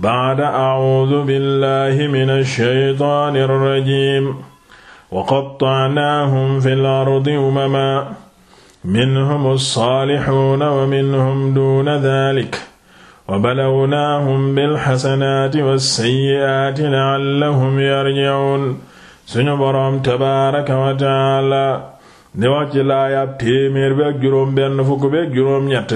bacda acuudu billahi min alshaytaani alrajim wa qattacnaahum fi lardi umamaa minhum alsaalixuuna wa minhum duuna dalik wa balawnaahum bilxasanaati walsayiaati lacallahum yarjicuun suñu boroom tabaaraka wa tacaala di wax ci laayab téeméer bi ak juróom benn fukk bi ak juróom ñett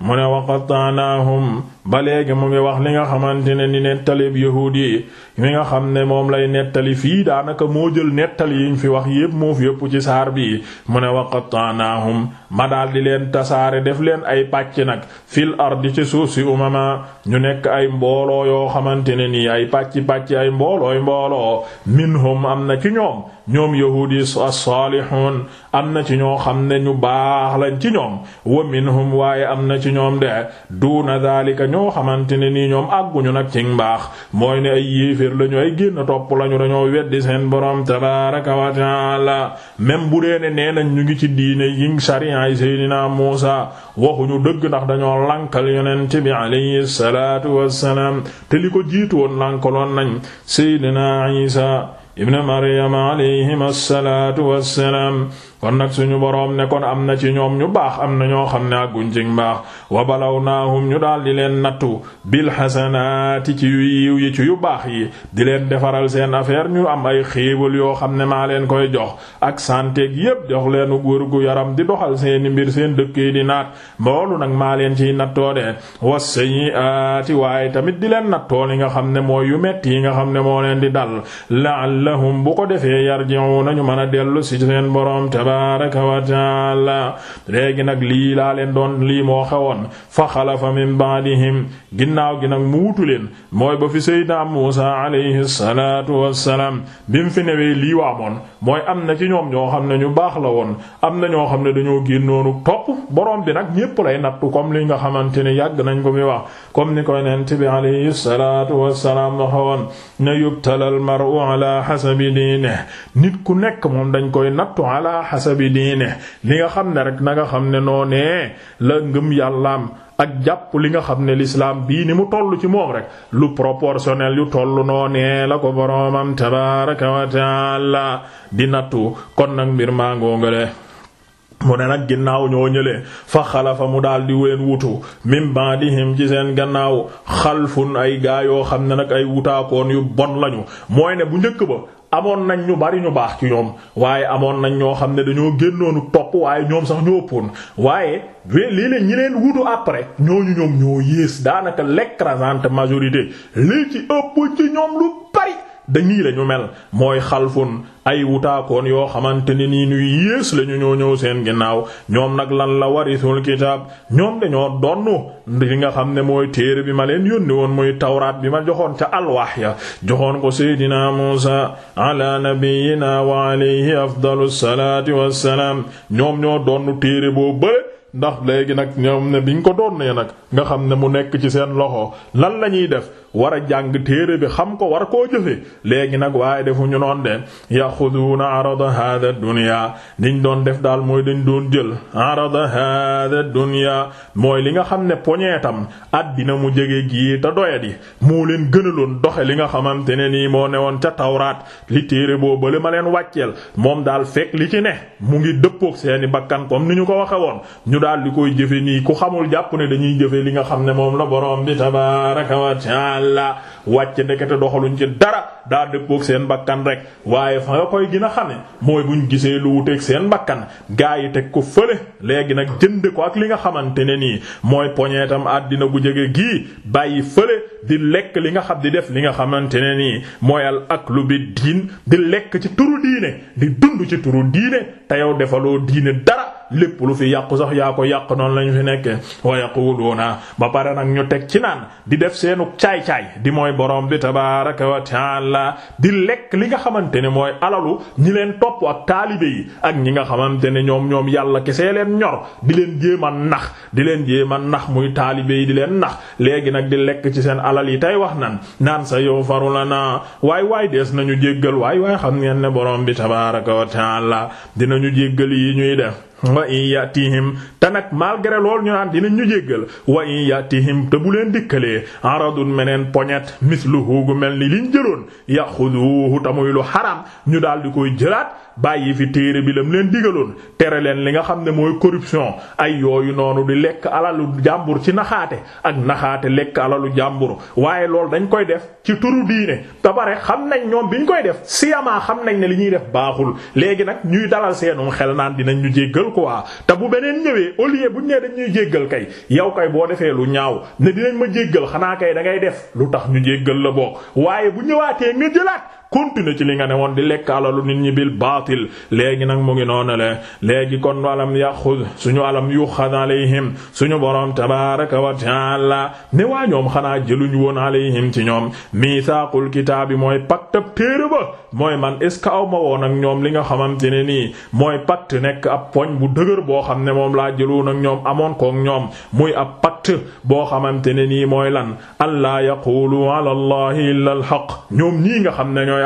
mu ne waqatanaahum ba léegi mu ngi wax li nga xamante ne ni nettalib yahuud yi mi nga xam ne moom lay nettali fii daanaka moo jël nettali ñu fi wax yépp moo fi yépp ci saar bi mu ne waqatanaahum ma daal di leen tasaare def leen ay pàcc nag fil ardi ci suuf si umama ñu nekk ay mbooloo yoo xamante ne nii ay pàcc-pàcc ay mboolooy mbooloo minhum am na ci ñoom ñoom yahuud yi as am na ci ñoo xam ne ñu baax lañ ci ñoom wa minhum waaye am na ñoom de duuna daalika ñoo xamante ne nii ñoom àgguñu nag ci mbaax mooy ne ay yéeféer lañu ay génn topp lañu dañoo weddi seen borom tabaaraka wa taala même bu dee ne nee nañ ñu ngi ci diine yi sariya yi seydinaa Muusa waxuñu dëgg ndax dañoo lankal yonent bi alayhi salaatu wassalaam te li ko jiitu woon lankaloon nañ seydinaa Isa ibn Maryam alayhim assalaatu wassalaam kon nag suñu boroom ne kon am na ci ñoom ñu baax am na ñoo xam ne àgguñ ci mbaax wa balawnaahum ñu daal di leen nattu bil xasanaati ci yu yiw yi ci yu baax yi di leen defaral seen affaire ñu am ay xéewal yoo xam ne maa leen koy jox ak santé gi yépp jox leen wër gu yaram di doxal seeni mbir seen dëkk yi di naat loolu nag maa leen ciy nattoo de was-sayyi'aati waaye tamit di leen nattoo li nga xam ne mooy yu metti yi nga xam ne moo leen di dal la'allahum bu ko defee yarji'una ñu mën a dellu ci seen boroom tabaaraka wa nag lii laa doon lii moo xewoon fa xalafa min baadihim ginnaaw gi nag mu leen mooy ba fi sayyidina Muusaa alayhi salaatu wassalaam bi mu fi newee lii waamoon mooy am na ci ñoom ñoo xam ne ñu baax la woon am na ñoo xam ne dañoo génnoonu topp borom bi nag ñépp lay nattu comme li nga xamante ne yàgg nañ ko mi wax comme ni koy nent bi alayhi salaatu wassalaam waxoon na yubtalal mar'u ala hasabi diine nit ku nekk moom dañ koy nattu ala hasabi diine li nga xam ne rek na nga xam ne noonee la ngëm yàllaam ak jàpp li nga xam ne lislaam bii ni mu toll ci moom rek lu proportionnel yu toll noonee la ko boroomam tabaaraka wa taala di nattu kon nag mbir maa ngoongale mu ne nag ginnaaw ñoo ñëlee fa xalafa mu daal di ween wutu min baadihim ci seen gannaaw xalfun ay gaa yoo xam ne nag ay wutaakoon yu bon lañu mooy ne bu njëkk ba amoon nañ ñu bari ñu baax ci ñoom waaye amoon nañ ñoo xam ne dañoo génnoonu topp waaye ñoom sax ñu ëppoon waaye lii la ñi leen wutu après ñooñu ñoom ñoo yées daanaka l'écrasante majorité lii ci ëpp ci ñoom lu bari da nii la ñu mel mooy xalfun ay wutaakoon yoo xamante ne nii ñuy yées lañu ñu ñoo ñëw seen ginnaaw ñoom nag lan la warisul kitaab ñoom dañoo donnu li nga xam ne mooy téere bi ma leen yónni woon muy tawraat bi ma joxoon ca alwaax ya joxoon ko seydina muusa ala nabiyina wa alayhi afdalu salaati wassalaam ñoom ñoo donnu téere boo bëre ndax léegi nag ñoom ne biñ ko doon nee nag nga xam ne mu nekk ci seen loxo lan lañuy def war a jàng téere bi xam ko war koo jëfee léegi nag waaye defu ñu noon de yaxuduuna arada hada dunya niñ doon def daal mooy dañ doon jël arada hada dunya mooy li nga xam ne poñeetam àddina mu jege gii te doyadi moo leen gënaloon doxe li nga xamante ne nii moo woon ca tawraat li téere boo bale ma leen wàcceel moom daal fekk li ci ne mu ngi dëppook seeni bakkan comme ni ñu ko waxe woon ñu daal di koy jëfe nii ku xamul jàpp ne dañuy jëfe li nga xam ne moom la borom bi tabaaraka wa ta'ala kallaa wàcc ndekete doxaluñ ci dara daa dëppook seen bakkan rek waaye fa nga koy gën a xame mooy buñ gisee lu wuteeg seen bakkan gaa yi teg ko fële léegi nag jënd ko ak li nga xamante ne nii mooy poñeetam àddina gu jege gii bàyyi fële di lekk li nga xam di def li nga xamante ne nii mooy al aklu bi diin di lekk ci turu diine di dund ci turu diine te yow defaloo diine dara lépp lu fi yàqu sax yaa ko yàq noonu lañu fi nekke wa yaquluuna ba pare nag ñu teg ci naan di def seenu caay-caay di mooy borom bi tabaraka wa la di lekk li nga xamante ne mooy alalu ñi leen topp ak taalibe yi ak ñi nga xamante ne ñoom ñoom yàlla kesee leen ñor di leen jéem a nax di leen jéem a nax muy taalibe yi di leen nax léegi nag di lekk ci seen alal yi tey wax nan naan sa yow faru la naa waaye waaye dees nañu jéggal waay waay xam ngeen ne borom bi tabaraka wa taala dinañu jéggal yi ñuy def wa in yatihim te nag malgré loolu ñu naan dinañ ñu jéggal wa in yatihim te bu leen dikkalee aradun meneen poñet misluhu gu mel ni liñ jëloon yaxuduhu tamuy lu xaram ñu daal di koy jëlaat bàyyi fi téere bi lam leen digaloon tere leen li nga xam ne mooy corruption ay yooyu noonu di lekk alalu jàmbur ci naxaate ak naxaate lekk alalu jàmbur waaye lool dañ koy def ci turu diine te bare xam nañ ñoom biñ koy def siyamaa xam nañ ne li ñuy def baaxul léegi nag ñuy quoi te bu beneen ñëwee au bu ñu nee dañuy jéggal kay yow kay boo defee lu ñaaw ne dinañ ma jéggal xanaa kay da ngay def lu tax ñu jéggal la bokk waaye bu ñëwaatee nga jëlaat continuer ci li nga ne woon di lekk alalu nit ñi bil baatil léegi nag mu ngi noonu le léegi kon alam yaxud suñu alam yuxad alayhim suñu boroom tabaaraka wa taala ne waa ñoom xanaa jëluñu woon alayhim ci ñoom miisaaqul kitaab bi mooy pacte téere ba mooy man est ce que aw ma woon ak ñoom li nga xamante ne nii mooy pacte nekk ab poñ bu dëgër boo xam ne moom laa jëloon ak ñoom amoon kook ñoom muy ab pacte boo xamante ne nii mooy lan allaa yaqulu ala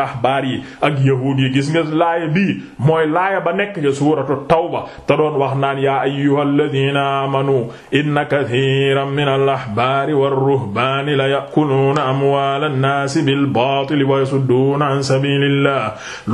ahbaar yi ak yahuud yi gis nga laaya bii mooy laaya ba nekk ca suuratu tawba te doon wax naan yaa ayyuhal ladiina amanu inna kathiiran minal ahbaari war ruhbaani la ya'kuluuna amwaalan naasi bil baatili wa yasudduuna an sabiilillah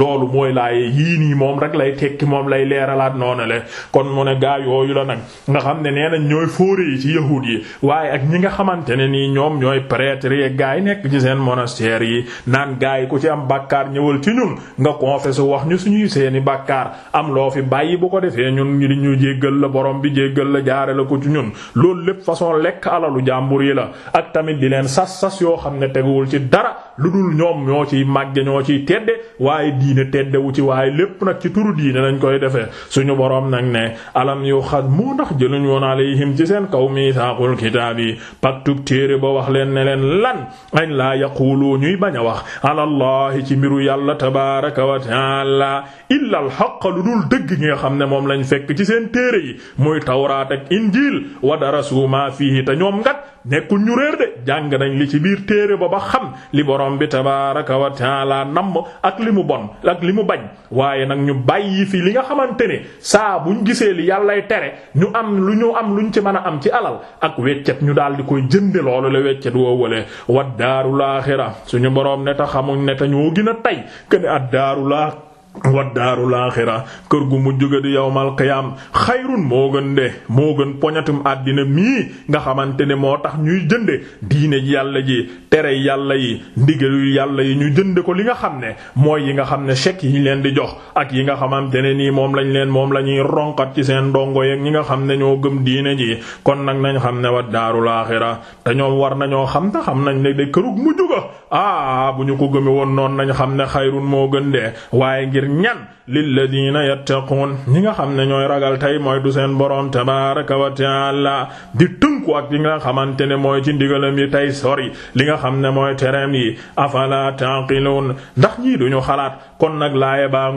loolu mooy laaya yii nii moom rek lay tekki moom lay leeralaat noonu le kon mu ne gaa yooyu la nag nga xam ne nee nañ ñooy fóore yi ci yahuud yi waaye ak ñi nga xamante ne nii ñoom ñooy prêtre yi gaa yi nekk ci seen monastère yi naan gaa yi ku ci am bàkkaar ñëwal ci ñun nga confesser wax ñu su suñuy seeni bàkkaar am loo fi bàyyi bu ko defee ñun ñu di ñu jéggal la borom bi jéggal la jaare la ko ci ñun loolu lépp façon lekk alalu jàmbur yi la ak tamit di leen sas sas yoo xam ne teguwul ci dara lu dul ñoom ñoo ciy màgge ñoo ciy tedde waaye diine teddewu ci waaye lépp nag ci turu diine nañ koy defee suñu boroom nag ne alam yu xas moo tax jëluñ woon alayhim ci seen kaw miisaaqul kitaab yi paktub téere ba wax leen ne leen lan añ laa yaqulu ñuy bañ a wax alallahi ci mbiru yàlla tabaraka wa taala illa al haqq lu dul dëgg gi nga xam ne moom lañ fekk ci seen téere yi muy tawraat ak injiil wa darasu ma fihi te ñoom ngat nekkul ñu réer de jàng nañ li ci biir téere ba ba xam li boroom bi tabaaraka wa taala namm ak li mu bon ak li mu bañ waaye nag ñu bàyyi fi li nga xamante ne saa buñ gisee li yàllay tere ñu am lu ñu am lu ñu ci mën a am ci alal ak weccet ñu daal di koy jënde loolu la weccet woo wale wa daarul aaxira suñu borom ne ta xamuñ ne ta ñoo gën a tay ken ad daarul aaxira wa daarul aaxira kër gu mu ga di yawmal qiyaam xayrun moo gën de moo gën poñetum àddina mii nga xamante ne moo tax ñuy jënde diine yàlla ji tere yàlla yi ndigalu yàlla yi ñu jënd ko li nga xam ne mooy yi nga xam ne chèque yi ñu leen di jox ak yi nga xamante ne nii moom lañ leen moom la ñuy ronkat ci seen ndongo yeeg ñi nga xam ne ñoo gëm diine ji kon nag nañu xam ne wa daarul aaxira te ñoom war nañoo xam te xam nañu ne de kërug mujj ga ah bu ñu ko gëme woon noonu nañ xam ne xayrun moo gën dee waaye ngir ñan lilladina yattaqun ñi nga xam ne ñooy ragal tey mooy du seen boroom tabaraka wa taala di tënku ak yi nga xamante ne mooy ci ndigalam yi tey sori li nga xam ne mooy tereem yi afala taqilun ndax ñii duñu xalaat kon nag laaya baa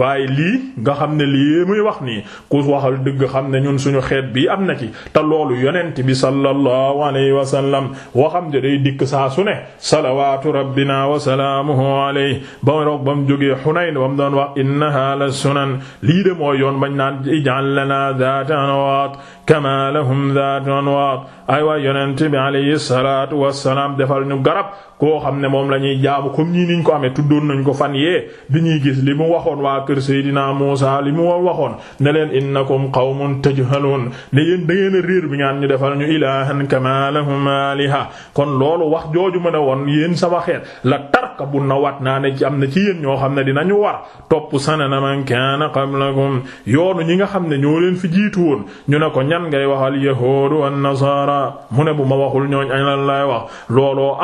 waaye lii nga xam ne lii muy wax ni ku waxal dëgg xam ne ñun suñu xeet bii am na ci te loolu yonent bi sallallahu alayhi wa sallam waxam de day dikk saa su ne salawaatu rabbina wa salaamuhu alayhi ba roog ba mu jógee Hunayn doon wax innaha la sunan lii de mooy yoon bañ naan ij'al lana dhata anwaat kama lahum dhatu anwaat ay waay yonent bi alayhi salaatu wassalaam defal ñu garab koo xam ne moom la ñuy jaamu comme ñii niñ ko amee tuddoon nañ ko fan yee bi ñuy gis li mu waxoon waa kër Seydina Muusa li mu waxoon ne innakum qawmun tajhaluun ne yéen da réer bi ñaan ñu defal ñu ilaahan kamaa lahum kon loolu wax jooju mu ne woon yéen sama xeet la tarka bu na wat naa ne ci am na ci yéen ñoo xam ne dinañu war topp sanana man kaana qablakum yoonu ñi nga xam ne ñoo leen fi jiitu woon ñu ne ko ñan ngay waxal yahuudu wan nasaara mu ne bu ma waxul ñooñ añ lan lay wax looloo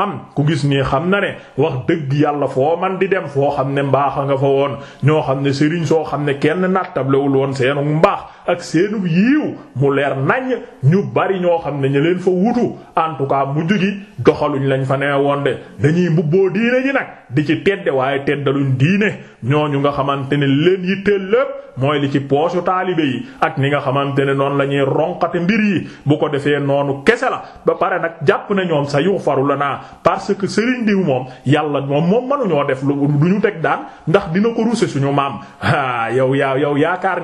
gis nii xam na ne wax dëgg yàlla foo man di dem foo xam ne mbaax nga fa woon ñoo xam ne sëriñ soo xam ne kenn nattablewul woon seenu mbaax ak seenub yiiw mu leer naññ ñu bari ñoo xam ne ñu leen fa wutu en tout cas mujj gi doxaluñ lañ fa nee woon de dañuy mbubboo diine ji nag di ci tedde waaye teddaluñ diine ñooñu nga xamante ne leen yitteel lépp mooy li ci poosu taalibe yi ak ni nga xamante ne noonu la ñuy ronkati mbir yi bu ko defee noonu kese la ba pare nag jàpp na ñoom sa yu faru la naa parce que sëriñ diw moom yàlla moom moom mënuñoo def lu duñu teg daan ndax dina ko ruse suñu maam ah, yow yaa yow yaakaar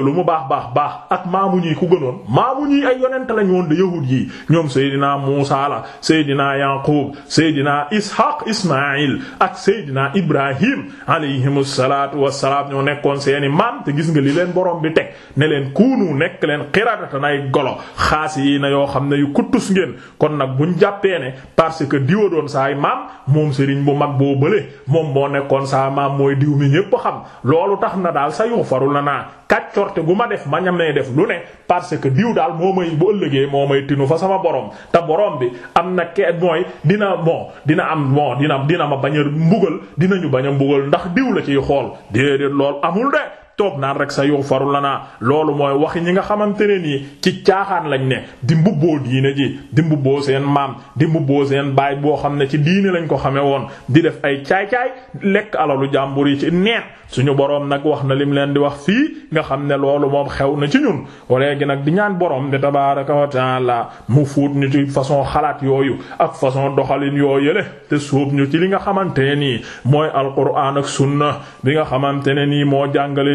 jooju lu mu baax baax baax ak maamu ñii ku gënoon maamu ñii ay yonent lañu woon de yahud yi ñoom Seydina Muusa la Seydina Yaqub Seydina Ishaq Ismaïl ak Seydina Ibrahim alayhimu salaatu wassalaam ñoo nekkoon seeni maam te gis nga li leen borom bi teg ne leen kuunu nekk leen xiradatan ay golo xaas yi na yoo xam ne yu kuttus ngeen kon nag buñ jàppee ne parce que diwa doon saay maam moom Serigne bu mag boo bële moom moo nekkoon saa maam mooy diw mi njorte gu ma def ma ñam ne def lu ne parce que diw daal moo may bu ëllëgee moo may tinu fa sama boroom te boroom bi am na ke mooy dina bon dina am bon dina dina ma bañ a mbugal dinañu bañ a mbugal ndax diw la ciy xool déedéet lool amul de toog naan rek sa yow faru la naa loolu mooy wax ñi nga xamante ne nii ci caaxaan lañ ne di mbubboo diine ji di mbubboo seen maam di mbubboo seen baay boo xam ne ci diine lañ ko xamee woon di def ay caay-caay lekk alalu jàmbur yi ci neen suñu boroom nag wax na lim leen di wax fii nga xam ne loolu moom xew na ci ñun léegi nag di ñaan boroom di tabaaraka wa la mu fuut ñu ci façon xalaat yooyu ak façon doxalin yoo yële te suub ñu ci li nga xamante ne nii mooy alquran ak sunna bi nga xamante ne nii moo jàngale